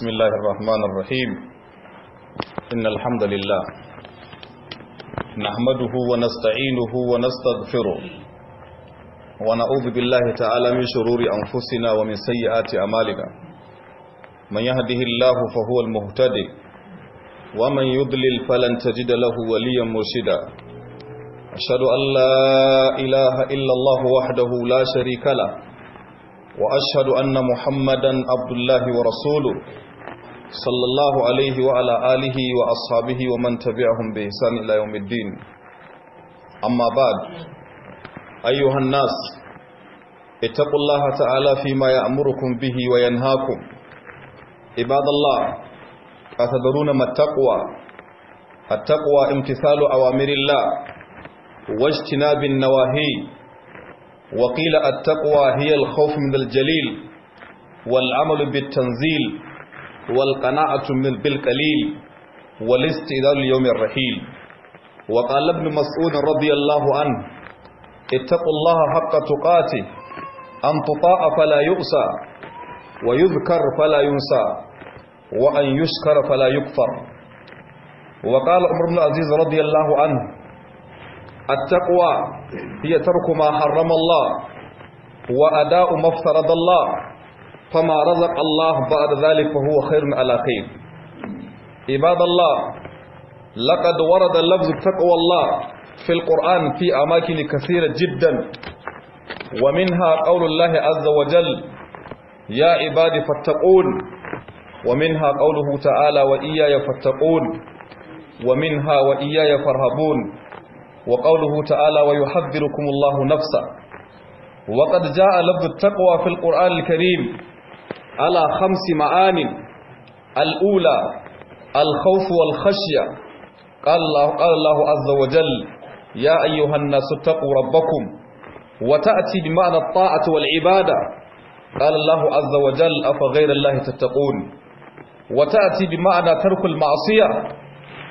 بسم الله الرحمن الرحيم إن الحمد لله نحمده ونستعينه ونستغفره ونعوذ بالله تعالى من شرور أنفسنا ومن سيئات أمالنا من يهده الله فهو المهتدي ومن يضلل فلن تجد له وليا مرشدا أشهد أن لا إله إلا الله وحده لا شريك له وأشهد أن محمدا عبد الله ورسوله صلى الله عليه وعلى آله وأصحابه ومن تبعهم بإحسان إلى يوم الدين أما بعد أيها الناس اتقوا الله تعالى فيما يأمركم به وينهاكم عباد الله أتدرون ما التقوى التقوى امتثال أوامر الله واجتناب النواهي وقيل التقوى هي الخوف من الجليل والعمل بالتنزيل والقناعة بالقليل والاستئذان ليوم الرحيل وقال ابن مسعود رضي الله عنه اتقوا الله حق تقاته أن تطاع فلا يؤسى ويذكر فلا ينسى وأن يشكر فلا يكفر وقال عمر بن العزيز رضي الله عنه التقوى هي ترك ما حرم الله وأداء ما افترض الله فما رزق الله بعد ذلك فهو خير على عباد الله لقد ورد لفظ تقوى الله في القرآن في أماكن كثيرة جدا ومنها قول الله عز وجل يا عبادي فاتقون ومنها قوله تعالى وإياي فاتقون ومنها وإياي فارهبون وقوله تعالى ويحذركم الله نفسه وقد جاء لفظ التقوى في القرآن الكريم على خمس معان الأولى الخوف والخشية قال الله, قال الله عز وجل يا أيها الناس اتقوا ربكم وتأتي بمعنى الطاعة والعبادة قال الله عز وجل أفغير الله تتقون وتأتي بمعنى ترك المعصية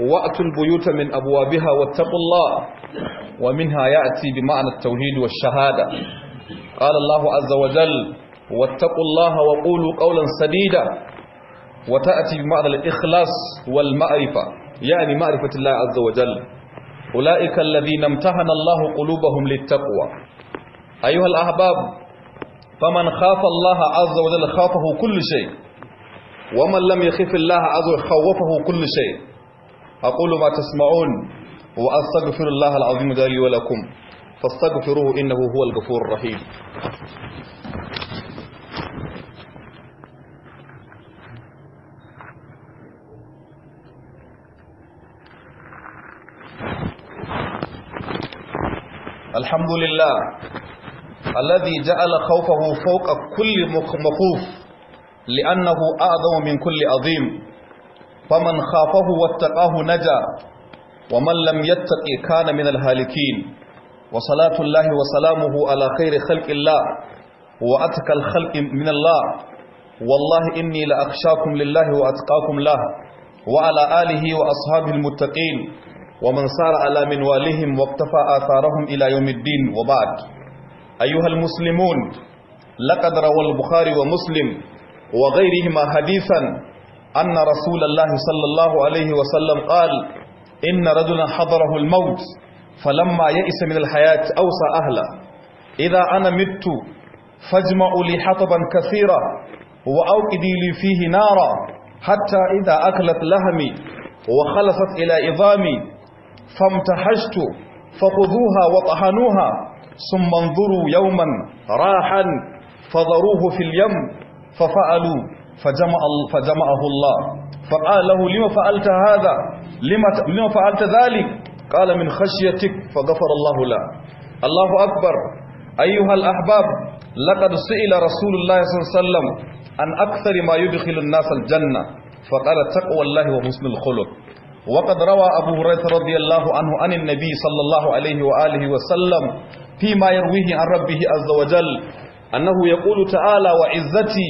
وأتوا البيوت من أبوابها واتقوا الله ومنها يأتي بمعنى التوحيد والشهادة قال الله عز وجل واتقوا الله وقولوا قولا سديدا وتأتي بمعنى الإخلاص والمعرفة يعني معرفة الله عز وجل أولئك الذين امتحن الله قلوبهم للتقوى أيها الأحباب فمن خاف الله عز وجل خافه كل شيء ومن لم يخف الله عز وجل خوفه كل شيء أقول ما تسمعون وأستغفر الله العظيم لي ولكم فاستغفروه إنه هو الغفور الرحيم الحمد لله الذي جعل خوفه فوق كل مخوف لأنه أعظم من كل عظيم فمن خافه واتقاه نجا ومن لم يتق كان من الهالكين وصلاة الله وسلامه على خير خلق الله وأتقى الخلق من الله والله إني لأخشاكم لله وأتقاكم له وعلى آله وأصحابه المتقين ومن صار على منوالهم واقتفى آثارهم إلى يوم الدين وبعد أيها المسلمون لقد روى البخاري ومسلم وغيرهما حديثا أن رسول الله صلى الله عليه وسلم قال إن رجلا حضره الموت فلما يئس من الحياة أوصى أهله إذا أنا مت فاجمعوا لي حطبا كثيرا وأوقدي لي فيه نارا حتى إذا أكلت لهمي وخلصت إلى عظامي فامتحشت فخذوها وطحنوها ثم انظروا يوما راحا فضروه في اليم ففعلوا فجمع فجمعه الله فقال له لما فعلت هذا لما لما فعلت ذلك قال من خشيتك فغفر الله له الله أكبر أيها الأحباب لقد سئل رسول الله صلى الله عليه وسلم عن أكثر ما يدخل الناس الجنة فقال تقوى الله وحسن الخلق وقد روى أبو هريرة رضي الله عنه عن النبي صلى الله عليه وآله وسلم فيما يرويه عن ربه عز وجل أنه يقول تعالى وعزتي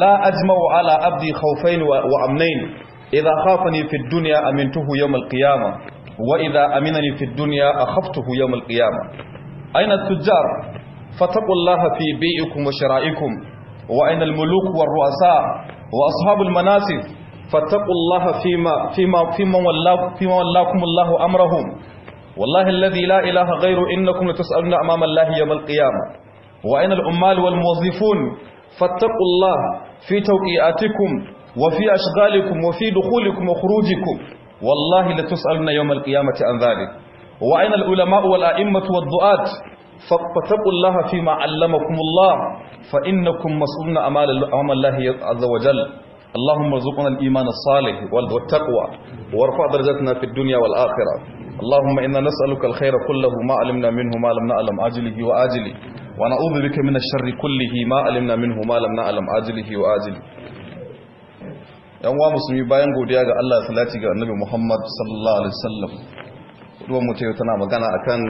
لا أجمع على عبدي خوفين وأمنين إذا خافني في الدنيا أمنته يوم القيامة وإذا أمنني في الدنيا أخفته يوم القيامة أين التجار فاتقوا الله في بيئكم وشرائكم وأين الملوك والرؤساء وأصحاب المناصب فاتقوا الله فيما فيما فيما ولا فيما ولاكم الله امرهم والله الذي لا اله غيره انكم لتسالون امام الله يوم القيامه واين العمال والموظفون فاتقوا الله في توقيعاتكم وفي اشغالكم وفي دخولكم وخروجكم والله لتسالون يوم القيامه عن ذلك واين العلماء والائمه والدعاه فاتقوا الله فيما علمكم الله فانكم مسؤولون امام الله عز وجل اللهم ارزقنا الإيمان الصالح والتقوى وارفع درجتنا في الدنيا والآخرة اللهم إنا نسألك الخير كله ما علمنا منه ما لم نعلم عاجله وآجله ونعوذ بك من الشر كله ما علمنا منه ما لم نعلم عاجله وآجله yan uwa musulmi bayan godiya ga Allah salati ga annabi Muhammad sallallahu alaihi wasallam duwan mu tayo tana magana akan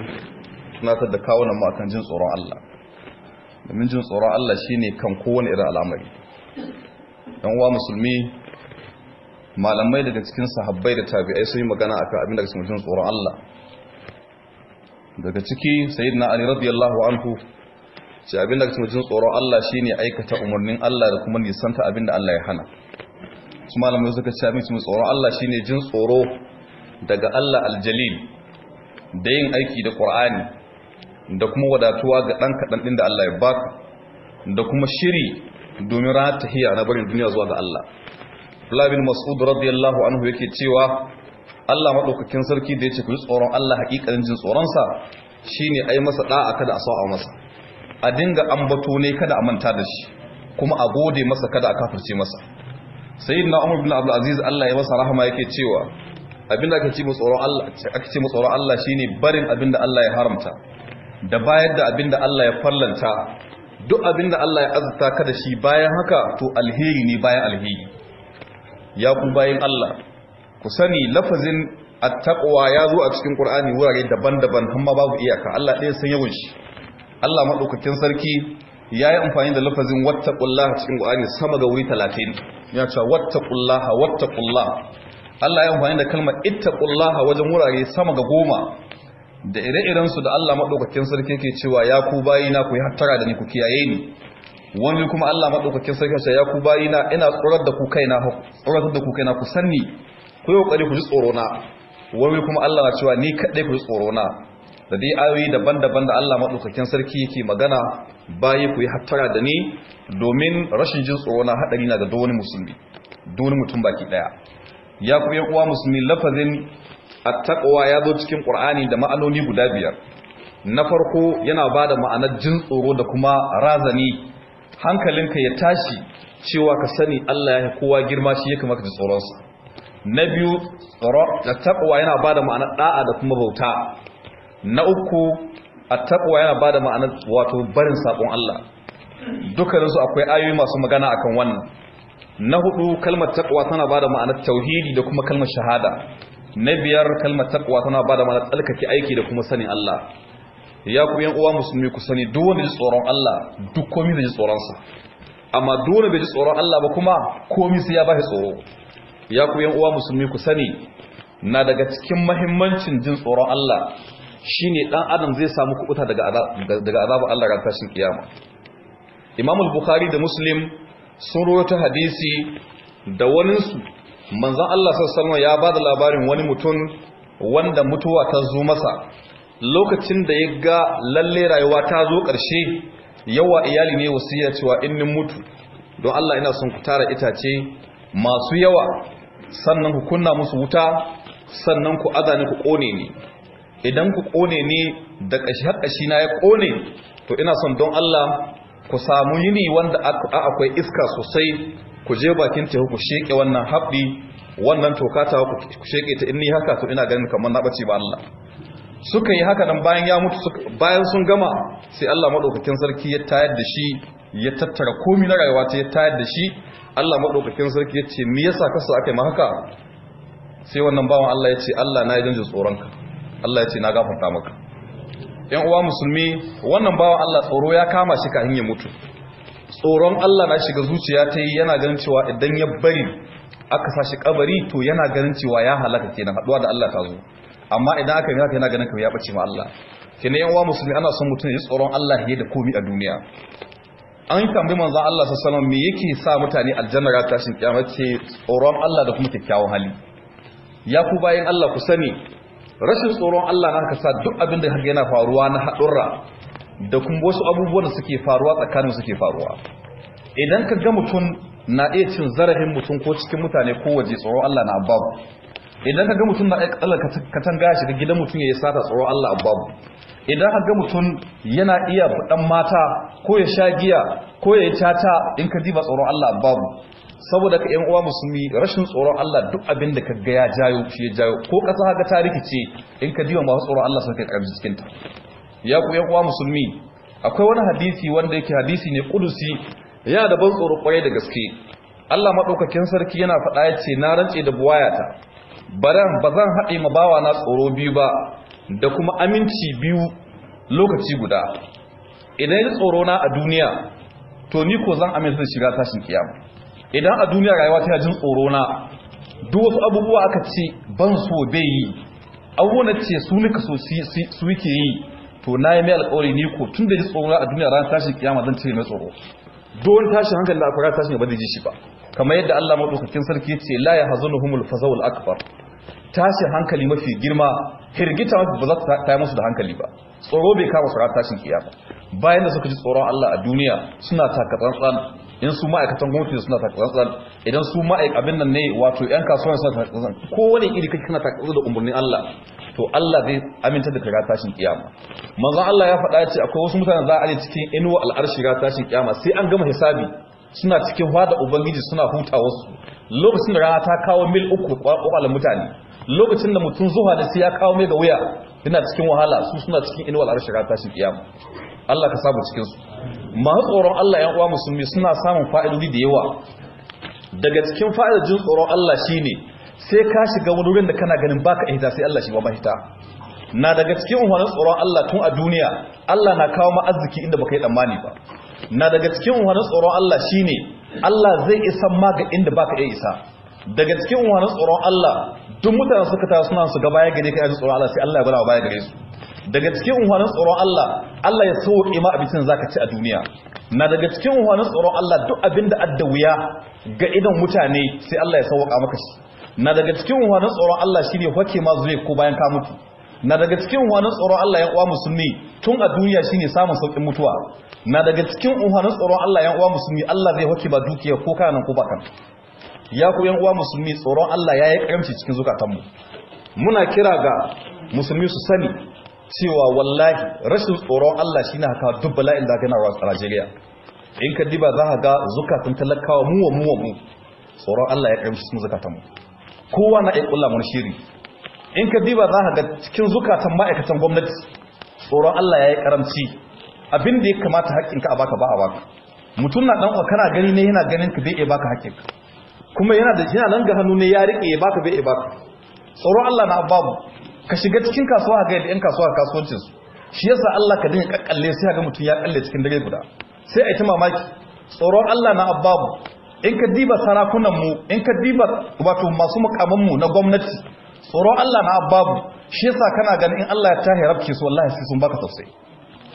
tunatar da kawunan mu akan jin tsoron Allah domin jin tsoron Allah shine kan kowane irin al'amari yan uwa musulmi malamai daga cikin sahabbai da tabi'ai sun yi magana akan abin da ke jin tsoron Allah daga ciki sayyidina ali radiyallahu anhu ce abin da ke jin tsoron Allah shine aikata umarnin Allah da kuma nisanta abin da Allah ya hana su malamai suka ce abin cikin tsoron Allah shine jin tsoro daga Allah aljalil da yin aiki da Qur'ani da kuma wadatuwa ga ɗan kadan din da Allah ya baka da kuma shiri domin ranar tahiyya na barin duniya zuwa ga Allah labin Mas'ud radiyallahu anhu yake cewa Allah maɗaukakin sarki da ya ku kuyi tsoron Allah hakikanin jin tsoron sa a yi masa ɗa'a kada a sa'a masa a dinga ambato ne kada a manta da shi kuma a gode masa kada a kafirce masa sayyidina Umar bin Abdul Aziz Allah ya masa rahama yake cewa da ake ce Allah ake ce tsoron Allah shine barin da Allah ya haramta da bayar da abin da Allah ya fallanta duk abin da Allah ya azurta ka da shi bayan haka to alheri ne bayan alheri ya ku bayan Allah ku sani lafazin attaqwa ya zo a cikin Qur'ani wurare daban-daban amma babu iyaka Allah ɗaya san yawan shi Allah madaukakin sarki ya yi amfani da lafazin wattaqullah cikin Qur'ani sama ga wuri 30 ya ce wattaqullah wattaqullah Allah ya amfani da kalmar ittaqullah wajen wurare sama ga goma da ire-irensu da Allah maɗaukakin sarki ke cewa ya ku na ku yi hattara da ni ku kiyaye ni wani kuma Allah maɗaukakin sarki ke ya ku na ina tsorar da ku na tsorar da ku na ku sanni ku yi kokari ku ji tsoro na wani kuma Allah na cewa ni kaɗai ku ji tsoro na da dai ayoyi daban-daban da Allah maɗaukakin sarki yake magana bayi ku yi hattara da ni domin rashin jin tsoro na haɗari na ga duk musulmi Dole mutum baki ɗaya ya ku yi uwa musulmi lafazin attaqwa ya zo cikin qur'ani da ma'anoni guda biyar na farko yana ba da ma'anar jin tsoro da kuma razani hankalinka ya tashi cewa ka sani Allah ya kowa girma shi ya kamata tsoron tsoronsa na biyu attaqwa yana ba da ma'anar da'a da kuma bauta na uku attaqwa yana ba da ma'anar wato barin sakon Allah dukkaninsu akwai ayoyi masu magana akan wannan na hudu kalmar taqwa tana ba da ma'anar tauhidi da kuma kalmar shahada na biyar kalmar takwa tana bada mana tsalkake aiki da kuma sanin Allah ya ku yan uwa musulmi ku sani duk wanda ji tsoron Allah duk komai da ji tsoron sa amma duk wanda bai ji tsoron Allah ba kuma komai sai ya bashi tsoro ya ku yan uwa musulmi ku sani na daga cikin mahimmancin jin tsoron Allah shine dan adam zai samu kubuta daga daga azabar Allah ran tashin kiyama Imam bukhari da Muslim sun rawaito hadisi da wani su. manzon Allah sallallahu ya ba da labarin wani mutum wanda mutuwa ta zo masa lokacin da ya ga lalle rayuwa ta zo ƙarshe yawa iyali ne wasiya cewa in mutu don Allah ina son ku tara itace masu yawa sannan ku kunna musu wuta sannan ku azani ku ƙone ne idan ku ƙone ni da ƙashi na ya ƙone, to ina son don Allah ku samu yini wanda akwai iska sosai ku je bakin teku ku sheke wannan haɓi wannan toka ta ku sheke ta in ni haka to ina ganin kamar na bace ba Allah suka yi haka dan bayan ya mutu bayan sun gama sai Allah madaukakin sarki ya tayar da shi ya tattara komai na rayuwa ta ya tayar da shi Allah madaukakin sarki ya ce me yasa so akai ma haka sai wannan bawan Allah ya ce Allah na yi jinjin tsoronka Allah ya ce na gafarta maka ‘yan uwa musulmi wannan bawan Allah tsoro ya kama shi kafin ya mutu tsoron Allah na shiga zuciya ta yi yana ganin cewa idan ya bari aka shi kabari to yana ganin cewa ya halaka kenan haduwa da Allah ta zo amma idan aka yi haka yana ganin kamar ya bace ma Allah kenan yan uwa musulmi ana son mutum ya tsoron Allah ya da komi a duniya an tambayi manzon Allah sallallahu alaihi yake sa mutane aljanna ga tashin kiyama ce tsoron Allah da kuma kyakkyawan hali ya ku bayan Allah ku sani rashin tsoron Allah na ka sa duk abin da yana faruwa na haɗurra da kuma wasu abubuwan da suke faruwa tsakanin suke faruwa idan ka ga mutum na iya cin zarafin mutum ko cikin mutane ko waje tsoron Allah na babu idan ka ga mutum na iya tsallaka katanga shiga gidan mutum ya yi sata tsoron Allah babu idan ka ga mutum yana iya dan mata ko ya sha giya ko ya yi tata in ka diba tsoron Allah babu saboda ka yan uwa musulmi rashin tsoron Allah duk abin da ka gaya ya jayo shi jayo ko ƙasa ga ta ce, in ka diba masu tsoron Allah sun kai karbi cikin ta ya kuwa yan musulmi akwai wani hadisi wanda yake hadisi ne kudusi ya da ban tsoro kwaye da gaske Allah madaukakin sarki yana faɗa ya ce na rantse da buwayata baran ba zan haɗe ma bawa na tsoro biyu ba da kuma aminci biyu lokaci guda idan ya tsoro na a duniya to ni ko zan aminta da shiga tashin kiyama idan a duniya rayuwa ta jin tsoro na duk wasu abubuwa aka ce ban so bai yi abubuwan ce su nika so su yake yi to na yi mai alkawari ne ko tun da ji tsoro a duniya ranar tashin kiyama zan cire mai tsoro don tashin hankali da akwai tashin ba zai ji shi ba kamar yadda Allah madaukakin sarki ce la yahzunuhumul fazawul akbar tashin hankali mafi girma hirgita mafi ba za ta yi musu da hankali ba tsoro bai kama su tashin kiyama bayan da suka ji tsoron Allah a duniya suna tsantsan in su ma'aikatan gwamnati suna tsantsan idan su ma'aikatan abin nan ne wato yan kasuwan suna takatsantsan kowane iri kake kana tsantsan da umarnin Allah to Allah zai aminta da kaga tashin kiyama manzon Allah ya faɗa ce akwai wasu mutane za a cikin inuwa al'arshi ga tashin kiyama sai an gama hisabi suna cikin fada ubangiji suna huta wasu lokacin da rana ta kawo mil uku kwakwalin mutane lokacin da mutum zuwa da sai ya kawo mai ga wuya yana cikin wahala su suna cikin inuwa al'arshi ga tashin kiyama Allah ka samu cikin su masu tsoron Allah yan uwa musulmi suna samun fa'idodi da yawa daga cikin fa'idodin tsoron Allah shine sai ka shiga wani wurin da kana ganin baka ihita sai Allah shi ba mahita na daga cikin umarnin tsoron Allah tun a duniya Allah na kawo ma arziki inda baka yi tsammani ba na daga cikin umarnin tsoron Allah shine Allah zai isa ma ga inda baka iya isa daga cikin umarnin tsoron Allah duk mutane suka ta suna su gaba ya gare ka yaji tsoron Allah sai Allah ya gwada baya gare su daga cikin umarnin tsoron Allah Allah ya sauke ma abincin zaka ci a duniya na daga cikin umarnin tsoron Allah duk abinda adda wuya ga idan mutane sai Allah ya sauka maka shi na daga cikin wani tsoron Allah shi ne wake ma zuwa ko bayan ka mutu na daga cikin wani tsoron Allah yan uwa musulmi tun a duniya shi ne samun sauƙin mutuwa na daga cikin wani tsoron Allah yan uwa musulmi Allah zai wake ba dukiya ko kanan ko bakan ya ku yan uwa musulmi tsoron Allah ya yi karamci cikin zukatanmu muna kira ga musulmi su sani cewa wallahi rashin tsoron Allah shi na haka duk bala'in da ga a Najeriya in ka diba za ka ga zukatan talakawa muwa muwa mu tsoron Allah ya karamci cikin zukatanmu kowa na iya kulla wani shiri in ka diba za ka ga cikin zukatan ma'aikatan gwamnati tsoron Allah ya yi karamci abin da ya kamata haƙƙinka a baka ba a baka mutum na ɗan kana gani ne yana ganin ka bai iya baka haƙƙinka kuma yana da yana nan ga hannu ne ya riƙe ya baka bai iya baka tsoron Allah na babu ka shiga cikin kasuwa ga yadda 'yan kasuwa kasuwancin su shi yasa Allah ka dinga kakkalle sai ga mutum ya kalle cikin dare guda sai a yi ta mamaki tsoron Allah na ababu in ka diba sarakunanmu in ka diba wato masu mukamanmu na gwamnati tsoron Allah na babu shi yasa kana ganin in Allah ya tahi rabki su wallahi sai sun baka tausayi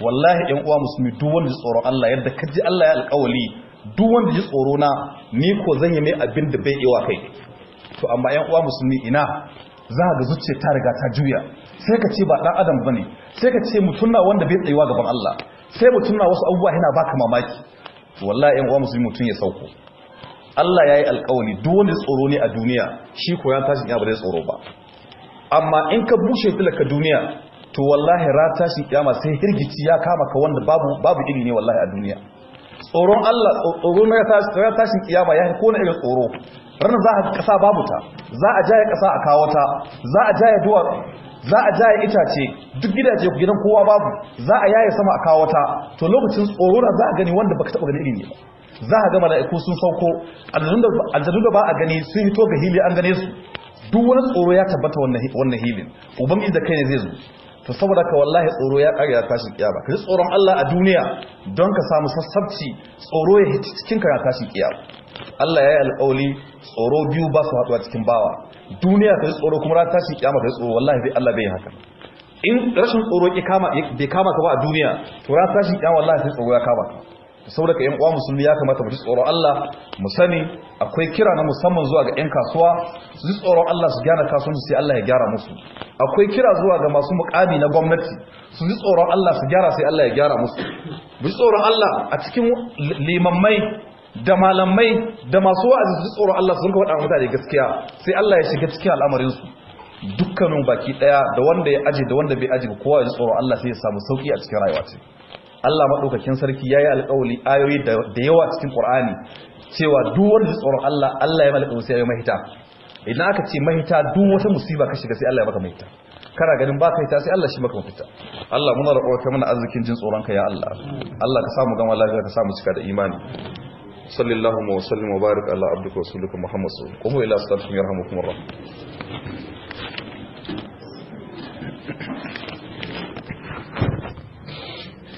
wallahi ɗan uwa musulmi duk wanda ji tsoron Allah yadda ka ji Allah ya alƙawali duk wanda ji tsoro na ni ko zan yi mai abin da bai iwa kai to amma ɗan uwa musulmi ina za ga zuciya ta riga ta juya sai ka ce ba ɗan adam bane sai ka ce mutum na wanda bai tsayuwa gaban Allah sai mutum na wasu abubuwa yana baka mamaki wallahi ɗan uwa musulmi mutum ya sauko Allah ya yi alkawani duk wanda tsoro ne a duniya shi ko ya tashi ya ba zai tsoro ba amma in ka bushe tilaka duniya to wallahi ra tashi kiyama sai hirgici ya kama ka wanda babu babu iri ne wallahi a duniya tsoron Allah tsoro na ya tashi kiyama ya ko na irin tsoro ran za a kasa babu ta za a jaya kasa a kawo ta za a jaya duwar za a jaya itace duk gidaje ku gidan kowa babu za a yaye sama a kawo ta to lokacin tsoro na za a gani wanda baka taba gani iri ne ba za a ga mala'iku sun sauko aljanu da ba a gani sun hito ga hili an gane su duk wani tsoro ya tabbata wannan hilin Uban inda kai ne zai zo to saboda ka wallahi tsoro ya kare ya tashin kiyama ka tsoron Allah a duniya don ka samu sassabci tsoro ya hiti cikin ka ya tashin kiyama Allah ya yi alƙawli tsoro biyu ba su haɗuwa cikin bawa duniya ka tsoro kuma ra tashin kiyama ka tsoro wallahi bai Allah bai haka in rashin tsoro bai kama ka ba a duniya to ra tashin kiyama wallahi sai tsoro ya kama ka saboda ka yan uwa musulmi ya kamata mu ji tsoron Allah mu sani akwai kira na musamman zuwa ga yan kasuwa su ji tsoron Allah su gyara kasuwanci sai Allah ya gyara musu akwai kira zuwa ga masu mukami na gwamnati su ji tsoron Allah su gyara sai Allah ya gyara musu mu ji tsoron Allah a cikin limammai da malamai da masu wa'azi su ji tsoron Allah su rinka faɗa mutane gaskiya sai Allah ya shiga cikin al'amarin su dukkanin baki daya da wanda ya aje da wanda bai aje kowa ya ji tsoron Allah sai ya samu sauki a cikin rayuwa ce Allah maɗaukakin sarki ya yi alƙawali ayoyi da yawa cikin ƙur'ani cewa duwar wanda tsoron Allah Allah ya malaka sai ya mahita idan aka ce mahita duk wata musiba ka shiga sai Allah ya maka mahita kana ganin ba ka hita sai Allah shi maka mafita Allah muna roƙo ka mana arzikin jin tsoron ka ya Allah Allah ka samu gama lafiya ka samu cika da imani sallallahu wa sallam wa barik ala abdika wa rasulika muhammad sallallahu alaihi wa sallam ila astaghfiruka yarhamukumullah